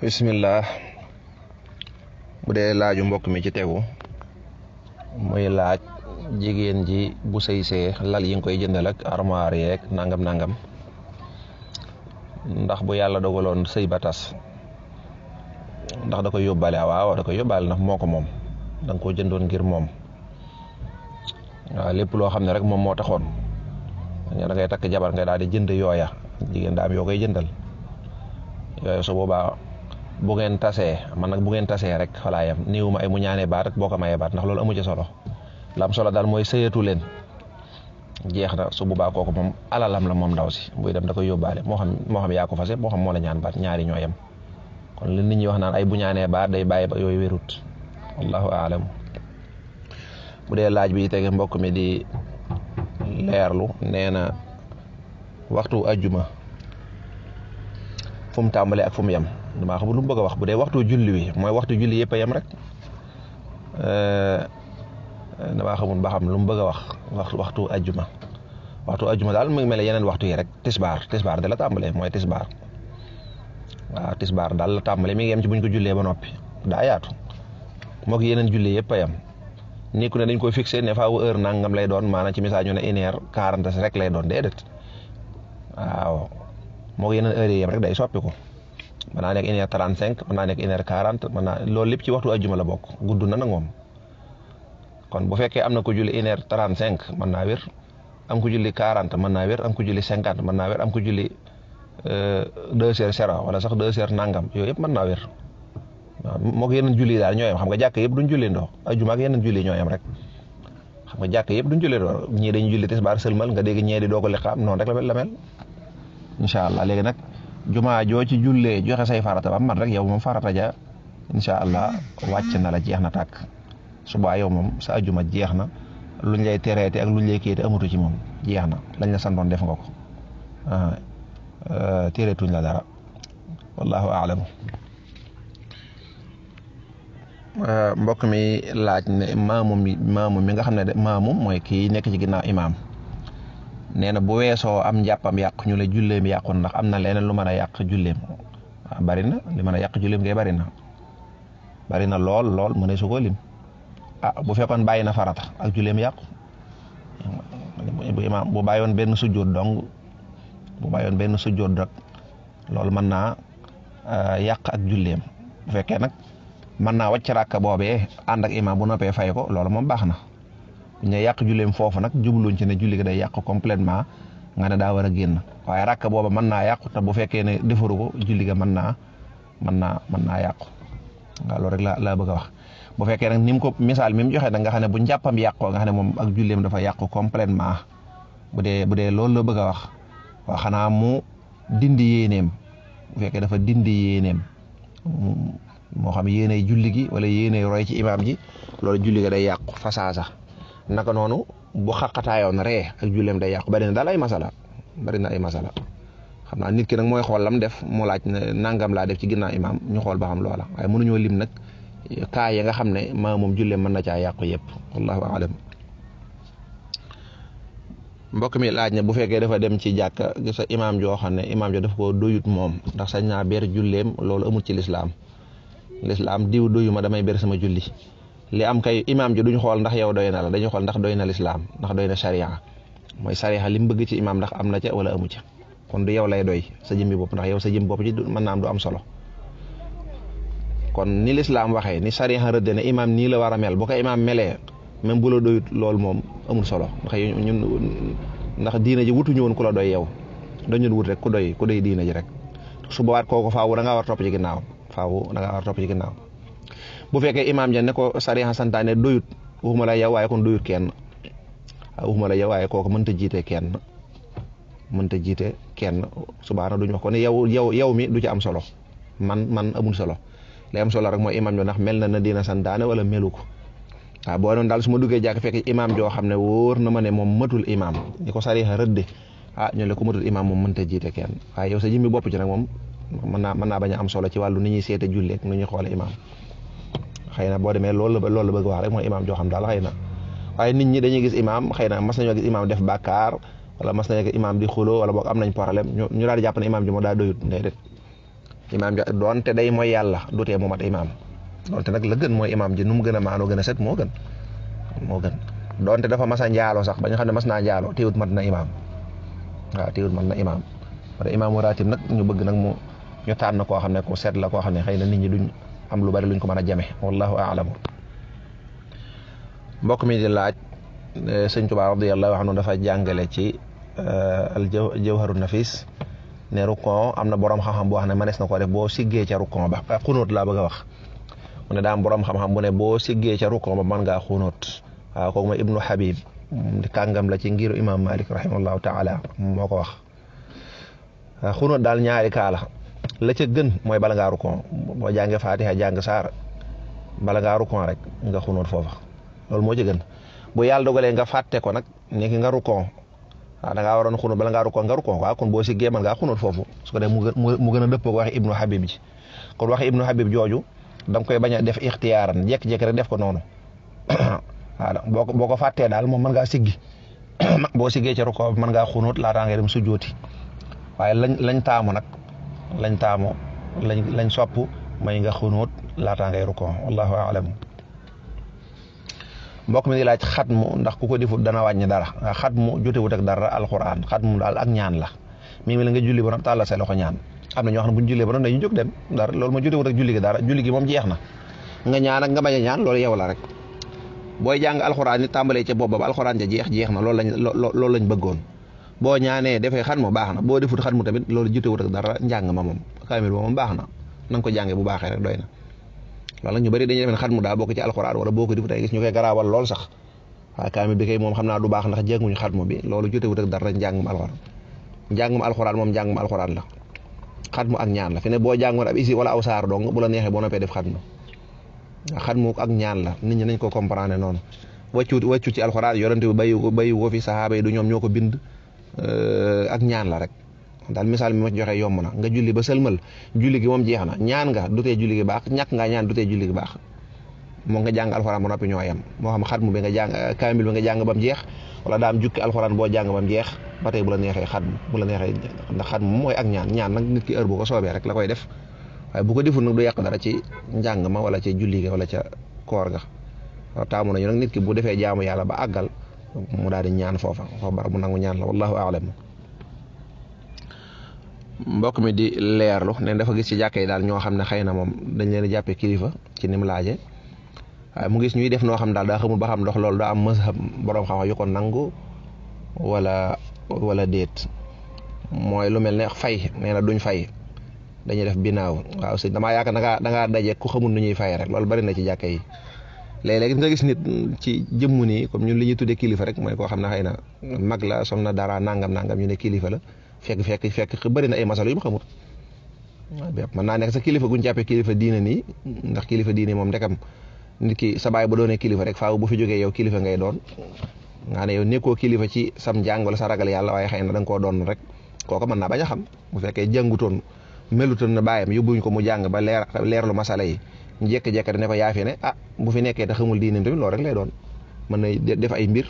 bismillah bu dee laaju mbokk mi ci tegu muy laaj jigéen ji bu sëy see lal yi nga koy jëndal ak armoire rek nangam nangam ndax bu yàlla dogaloon sëy batas ndax da koy yóbbaale waaw da koy yóbbaale ndax moo ko moom da nga koo jëndoon ngir moom waaw lépp loo xam ne rek moom moo taxoon da ngay takk jabar nga daal di jënd yooya jigéen daam yoo koy jëndal yooya su bu ngeen tasee man nag bu ngeen tasee rek falaa yam niiwu ay mu ñaanee baat rek boo ko mayee baat ndax loolu amu ci solo lam solo daal mooy sëyatu leen jeex na su boobaa kooku moom alalam la moom ndaw si buy dem da koy yóbbaale moo xam moo xam yaa ko fase moo xam moo la ñaan baat ñaari ñoo yem wax naan ay bu ñaanee baat day bàyyi ba yooyu wérut wallahu aalam bu dee laaj bi tege mbokk mi di leerlu nee na waxtu ajjuma fu mu tàmbalee ak fu mu yem damaa xamul lu mu bëgg wax bu dee waxtu julli wi mooy waxtu julli yëpp a yem rek euh, damaa xamul ba xam lu mu bëgg wax waxtu ajjuma waxtu ajjuma daal mu ngi mel yeneen waxtu yi rek tisbaar tisbaar da la tàmbalee mooy tisbaar waaw tisbaar daal la tàmbalee mi ngi yem ci buñ ko jullee ba noppi daa yaatu moog yeneen julli yëpp a yem nekku ne dañ koy fixé ne faaw heure nangam lay doon maanaam ci message ñu ne une heure quarante rek lay doon déedéet waaw moog yeneen heure rek day soppi ko mën naa nekk une heure trente cinq mën naa nekk une heure quarante mën naa lépp ci waxtu ajjuma la bokk gudd na nag moom kon bu fekkee am na ko julli une heure cinq mën naa wér am ko julli quarante mën naa wér am ko julli cinquante mën naa wér am ko julli euh, deux heures zéro wala sax deux heures nangam yooyu yëpp mën naa wér waaw moo julli daal ñoo xam nga jàkk yëpp duñ julli ndoo ajjuma ak yeneen julli ñoo yem rek xam nga jàkk yëpp duñ julli ndoo ñii dañuy julli tisbaar sëlmal nga dégg ñee di doog a am noonu rek la mel incha allah léegi nag jumaa joo ci jullee joxe say farata ba man rek yow moom farata ja incha allah wàcc na la jeex na tàkk subaa yow moom sa ajuma jeex na luñ lay tereete ak luñ lay kéete amatu ci moom jeex na lañ la santoon def nga ko ah, euh, tereetuñ la dara wallahu aalamu euh, mbokk mi laaj ne maamu mi maamu mi nga xam ne de maamu mooy kii nekk ci ginnaaw imaam nee na bu weesoo am njàppam yàqu ñu la julleem yàqu ndax am na leneen lu mën a yàq julleem waaw ah, bari na li mën a yàq julleem kay bari na bari na lool lool mu ne su ko lim ah, bu fekkoon bàyyi na farata ak julleem yàqu bu bu bàyyoon benn sujjóot dong bu bàyyoon benn sujjóot rek loolu mën naa ah, yàq ak julleem bu fekkee nag mën naa wàcc ràkk boobee ànd ak imaam bu noppee fay ko loolu moom baax na bu ñu yàq julleem foofu nag jubluñ ci ne julli gi day yàq complètement nga ne daa war a génn waaye rakk booba mën naa yàqu ta bu fekkee ne defaru ko julli ga mën naa mën naa mën naa yàqu waaw rek la laa bëgg wax bu fekkee nag ni mu ko misaal mi mu joxe nga xam ne bu njàppam yàqoo nga xam ne moom ak julleem dafa yàqu complètement bu dee bu dee loolu la bëgg a wax xanaa mu dindi yéeneem bu fekkee dafa dindi yéeneem moo xam yéeney julli gi wala yéeney roy ci imaam ji loolu julli day yàqu fasaasa naka noonu bu xaqataayoon ree ak julleem day yàqu bari na daal ay masala bari na ay masala xam naa nit ki nag mooy xool lam def moo laaj nangam laa def ci ginnaaw imaam ñu xool ba xam loola waaye mënuñoo lim nag kaa ya nga xam ne maa moom julleem mën na caa yàqu yëpp mi laaj ne bu fekkee dafa dem ci jàkka sa imaam joo xam ne imaam jo daf ko doyut moom ndax sañ naa ber julleem loolu amul ci lislaam lislaam diw doyu ma damay ber sama julli li am kay imaam ji duñ xool ndax yow doy na la dañuy xool ndax doy na lislaam ndax doy na sharia mooy sharia li mu bëgg ci imaam ndax am na ca wala amu ca kon du yow lay doy sa jëmmi bopp ndax yow sa jëm bopp ci mën naa am du am solo kon ni lislaam waxee ni sharia rëdd ne imaam nii la war a mel bu ko imaam melee même bu la doy loolu moom amul solo ndax ñun ndax diina ji wutuñu woon ku la doy yow dañu wut rek ku doy ku doy diina ji rek su boobaat kook faawu da ngaa war topp ci ginnaaw faawu da ngaa topp ci ginnaaw bu fekkee imaam ja ne ko sariya santaane doyut waxuma la yow waaye kon doyut kenn ah, waxuma la yow waaye kooku mënta jiite kenn mënta jiite kenn subaana duñ wax ko ne yow yow yow mi du ci am solo man man amul solo li am solo rek mooy imaam jo ndax mel na na dina santaane wala melu ko waaw ah, boo doon daal ma duggee jàkk fekk imaam joo xam ne wóor na ma ne moom matul imaam ñi ko sariya rëdde ah ñu ne ko matul imaam moom mënta jiite kenn waaye yow sa jëmmi bopp ci nag moom mën naa mën naa bañ am solo ci wàllu ni ñuy seeta julleeg nu ñuy xoole imaam xëy na boo demee loolu la loolu la bëgg wax rek mooy imaam joo xam daal xëy na ñi dañuy gis imaam xëy na mas nañoo gis imaam def bàkkaar wala mas nañoo gis imaam di xuloo wala boog am nañ problème ñu daal di jàpp ne imaam ji moo daa doyut déedéet mooy yàlla dutee mu mat imaam doonte nag la gën mooy imaam ji nu mu gën a maanoo gën set moo gën moo gën doonte dafa mas a sax ba nga xam ne mas naa njaaloo téewut mat na imaam waaw téewut mat na imaam wala imaam ratib nag ñu bëgg nag mu ñu tànn koo xam ne ku set la koo xam ne xëy na nit ñi duñ am lu bari luñ ko mën a jame wallahu aalamu mbokk mi di laaj sëñ Tuubaa radiyallahu anhu dafa jàngale ci eh, al jawharu nafis ne rukon am na borom xam-xam bu wax ne mënees na ko def boo siggee ca rukon ba ah, xunóot laa bëgg a wax mu ne borom xam-xam boo siggee ca rukon ba mën ngaa ah, ibnu habib kàngam la ci ngiru imam malik rahimahullahu taala moo ko wax ah, xunóot daal ñaari kaala la ca gën mooy bala ngaa rukon boo jàngee faatiha jàng saar bala ngaa rukon rek nga xunoot foofa loolu moo ci gën bu yàlla dogalee nga fàtte ko nag nekk nga rukon waaw da ngaa waroon xunoot bala ngaa rukon nga rukon waaw kon boo si géemal ngaa xunoot foofu su ko def mu gën a dëppoo waxi ibnu habib ji kon waxi ibnu habib jooju da koy bañ a def ixtiyaaran jekk-jekk rek def ko noonu waaw boo ko boo ko fàttee daal moom man ngaa siggi boo siggee ca rukon mën ngaa xunoot laataa ngay dem su jooti waaye lañ lañ taamu nag lañ taamu lañ lañ sopp mooy nga xunuut laataa ngay rukoo wallahu alam mbokk mi ngi laaj xatmu ndax ku ko defut dana wàññi dara xatmu jotewut ak dara alquran xatmu daal ak ñaan la mi la nga julli ba noppi tàllal say loxo ñaan am na ñoo xam ne bu ñu jullee ba noppi dañuy jóg dem dara loolu ma jotewut ak julli gi moom jeex na nga ñaan ak nga bañ a ñaan loolu yow la rek booy jàng alxuraan ni tàmbalee ca bopp ba alxuraan ja jeex jeex na loolu lañ loolu lañ bëggoon boo ñaanee defee xat mu baax na boo defut xat mu tamit loolu jutewut ak dara njàng ma moom kaamil ba moom baax na na nga ko jàngee bu baaxee rek doy na loolu nag ñu bëri dañ defe ne xat mu daa bokk ci alxuraan wala boo ko defut ay gis ñu koy garaawal lool sax waaye kaamil naa du baax ndax jànguñu xat mu bi loolu jutewut ak dara njàngum alxuraan njàngum alxuraan moom njàngum alxuraan la xat mu ak ñaan la fi boo jàngoon ab isi wala aw saar dong bu neexee boo noppee def xat mu xat mu ak ñaan la nit ñi nañ ko comprendre noonu wàccu wàccu ci alxuraan yorante bi bàyyi ko bàyyi ko fi saxaaba yi du ñoom ñoo ko bind Euh, ak ñaan la rek daal misaal mi ma joxe yomb na nga julli ba sëlmal julli ki moom jeex na ñaan nga du tee julli gi baax ñàkk nga ñaan du tee julli gi baax moo nga jàng alxuraan ba noppi ñoo yem moo xam xatmu bi nga jàng euh, kaamil bi nga jàng ba mu jeex wala daam jukki alxuraan boo jàng ba mu jeex ba tey bu la neexee xatmu bu la neexee ndax mooy ak ñaan ñaan nag nit ki heure bu ko soobee rek la koy def waaye bu ko deful nag du yàq dara ci njàng ma wala ci julli ga wala ca koor ga taamu nañu nag nit ki bu defee jaamu yàlla ba àggal mu daal di ñaan foofa foofu bu nangu ñaan la wallahu aalam mbokk mi di leerlu ne dafa gis ci jàkka yi daal ñoo xam ne xëy na moom dañ leen jàppee kilifa ci ni mu laaje waaye mu gis ñuy def noo xam daal daa xamul ba xam ndox loolu daa am mazhab borom xam-xam yu ko nangu wala wala lu mel ne fay nee na duñ fay dañuy def binaaw waaw si damaa yaakaar da da ngaa daje xamul nu ñuy fay rek loolu bari na ci jàkka yi. léeg-léeg nga gis nit ci jëmmu nii comme ñun li ñuy tuddee kilifa rek mooy ko xam ne xëy na mag la som na dara nangam nangam ñu ne kilifa la fekk fekk fekk bëri na ay masala yu mu xamut waaw mën naa nekk sa kilifa guñ jàppee kilifa diine nii ndax kilifa diine moom ndekam nit ki sa baay ba doonee kilifa rek faaw bu fi jógee yow kilifa ngay doon nga ne yow nekkoo kilifa ci sam njàng sa ragal yàlla waaye xëy na da koo doon rek kooku mën naa bañ a xam bu fekkee jàngutoon melutoon na baayam yóbbu ñu ko mu jàng ba leer leerlu masala yi ñu jékki-jékki ne ko yaa a ne ah bu fi nekkee te xamul diine tamit loolu rek lay doon mën na def ay mbir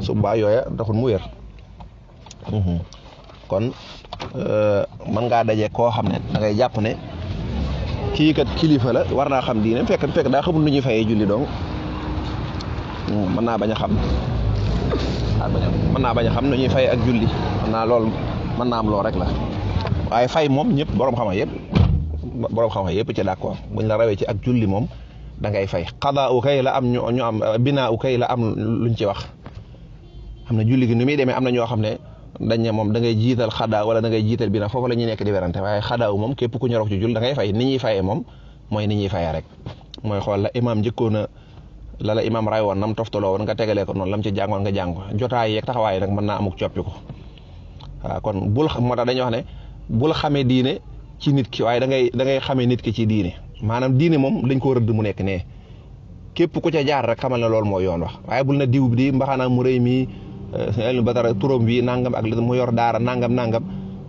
su baa yooya taxul mu wér mhm. kon euh, mën ngaa daje koo xam ne dangay jàpp ne kii kat kilifa la war naa xam diine fekk fekk daa xamul nu ñuy fayee julli dong hmm, mën naa bañ a xam mën naa bañ xam nu ñuy fay ak julli mën naa lool mën naa am lool rek la waaye fay moom ñëpp borom xam-xam borom xam-xam yëpp ci d'accord buñ la rawee ci ak julli moom da ngay fay xadaa u kay la am ñu ñu am binaa u kay la am luñ ci wax xam na julli ki nu muy demee am na ñoo xam ne dañ ne moom dangay jiital xadaa wala da ngay jiital binaa foofu la ñuy nekk di werante waaye xadaa u moom képp ku ñorok ci jul da fay ni ñuy fayee moom moy ni ñuy fayee rek mooy xool la imaam njëkkoon a la la imaam ray woon nam toftaloo woon nga tegalee ko noonu lam ci jàngoon nga jàng jotaay yeeg taxawaay nag mën naa amuk coppiku waaw kon bul moo tax dañuy wax ne ci nit ki waaye da ngay da ngay xamee nit ki ci diine maanaam diine moom dañ ko rëdd mu nekk nee képp ku ca jaar rek xamal na loolu mooy yoon wax waaye bul na diw bi mbaxana mu rëy mi eh, Alioune Badara turam bi nangam ak mu yor daara nangam nangam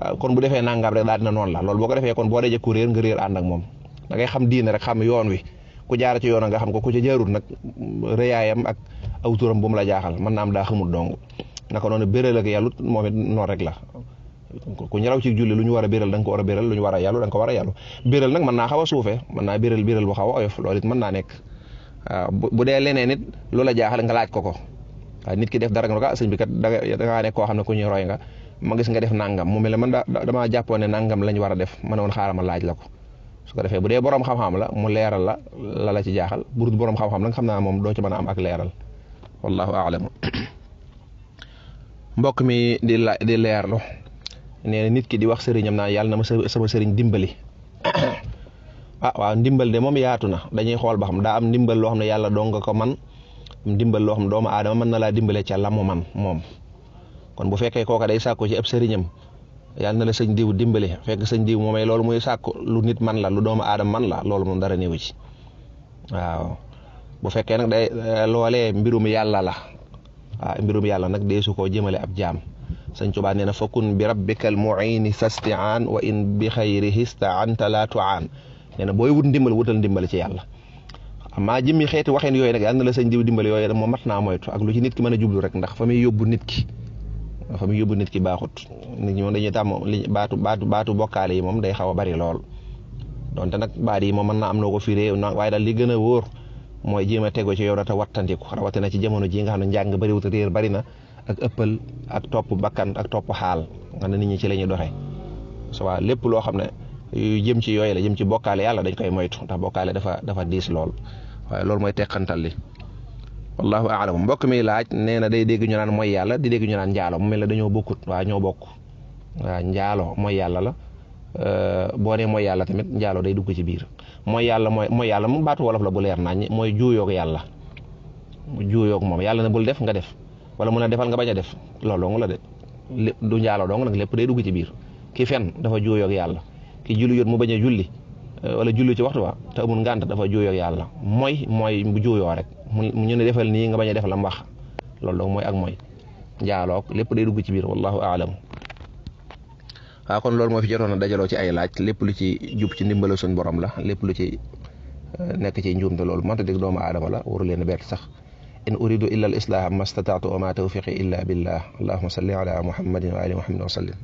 ah, kon bu defee nangam rek daal dina noonu la lool boo ko defee kon boo dajee ku réer nga réer moom da ngay xam diine rek xam yoon wi ku jaar ci yoon nga xam ko ku ca jaarut nag rëyaayam ak aw turam bu mu la jaaxal mën naa am daa xamul dong naka noonu béréel ak yàllut moom it noonu rek la ku ñelaw ci julli lu ñu war a biral da nga ko war a biral lu ñu war a yàllu da nga ko war a yàllu biral nag naa xaw a suufee mën naa biral biral bu xaw a oyof loolu it mën naa nekk waaw bu dee leneen it loola jaaxal nga laaj ko ko waaw nit ki def dara nga ah, bi kat da ngaa koo xam ne ku ñuy roy nga ma gis nga def nangam mu mel ne man damaa jàppoon ne nangam la ñu war def ma ne woon xaaral ma laaj la ko su ko defee bu dee borom xam-xam la mu leeral la la ci jaaxal bu dul borom xam-xam la xam naa moom doo ci mën am ak leeral wallahu aalam mbokk mi di la di leerlu nee nit ki di wax sëriñam naan yàlla na ma sama sëriñ dimbali a ah, waaw ndimbal de moom yaatu na dañuy xool ba xam daa am ndimbal loo xam ne yàlla dong nga ko man ndimbal loo xam doomu aadama mën na laa dimbale ca la mu man moom kon bu fekkee kooka day sàkku ci ab sëriñam yàlla na la sëñ diw dimbale fekk sëñ diw moomay loolu muy sàkku lu nit man la lu doomu aadama man la loolu moom dara néewu ci waaw bu fekkee nag day eh, loolee mbirum yàlla la waaw ah, mbirum yàlla nag deesu koo jëmale ab jaam sëñ Tuubaa nee na fakun bi rabbikal muini sastiaan wa in bi xayrihi staanta laa tuaan nee na booy wut ndimbal wutal ndimbal ci yàlla amaa jëmmi xeeti waxen yooyu nag yàlla na la sëñ diw dimbal yooyu nag moom mat naa moytu lu ci nit mën a jublu rek ndax fa muy yóbbu nit ki fa yóbbu nit ki baaxut nit ñi moom dañuy tàmm baatu baatu baatu bokkaale yi moom day xaw a bari lool donte nag baat yi moom mën naa am noo ko firee waaye daal li gën a wóor mooy jéem a tego ci yow na te wattandiku rawatina ci jamono ji nga xam ne njàng bariwut réer na ak ëppal ak topp bakkan ak topp xaal nga ne nit ñi ci lañuy ñuy doxee soit lépp loo xam ne jëm ci yooyu la jëm ci bokkaale yàlla dañ koy moytu ndax bokkaale dafa dafa diis lool waaye loolu mooy teqantal li wallahu aalam mbokk mi laaj nee na day dégg ñu naan mooy yàlla di dégg ñu njaalo mu mel ne dañoo bokkut waa ñëw bokk waaw njaalo mooy yàlla la euh, boo nee mooy yàlla tamit njaalo day dugg ci biir mooy yàlla mooy mooy yàlla mu baatu wolof la bu leer nañ mooy juuyoog yàlla moom yàlla ne bul def nga def wala mun a defal nga bañ a def loolu dong la de du njaaloo dong nag lépp day dugg ci biir ki fen dafa juuyoo ak yàlla ki julli jot mu bañ a julli eh, wala julli ci waxtu wa te amul ngànt dafa juuyoo ak yàlla mooy mooy bu juuyoo rek mu ñu ne defal nii nga bañ a def la mu wax dong mooy ak mooy njaaloo lépp day dugg ci biir wallahu aalam waaw ah, kon loolu moo fi jotoon a dajaloo ci ay laaj lépp lu ci jub ci ndimbalu suñu borom la lépp lu ci eh, nekk ci njuumte loolu mënta dégg doomu aadama la waru leen bett sax in uridu illa al islaaha ma stataatu wa ma tawfiqi illa billah allahuma salli ala muhammadin wa ali muhammadin wa sallim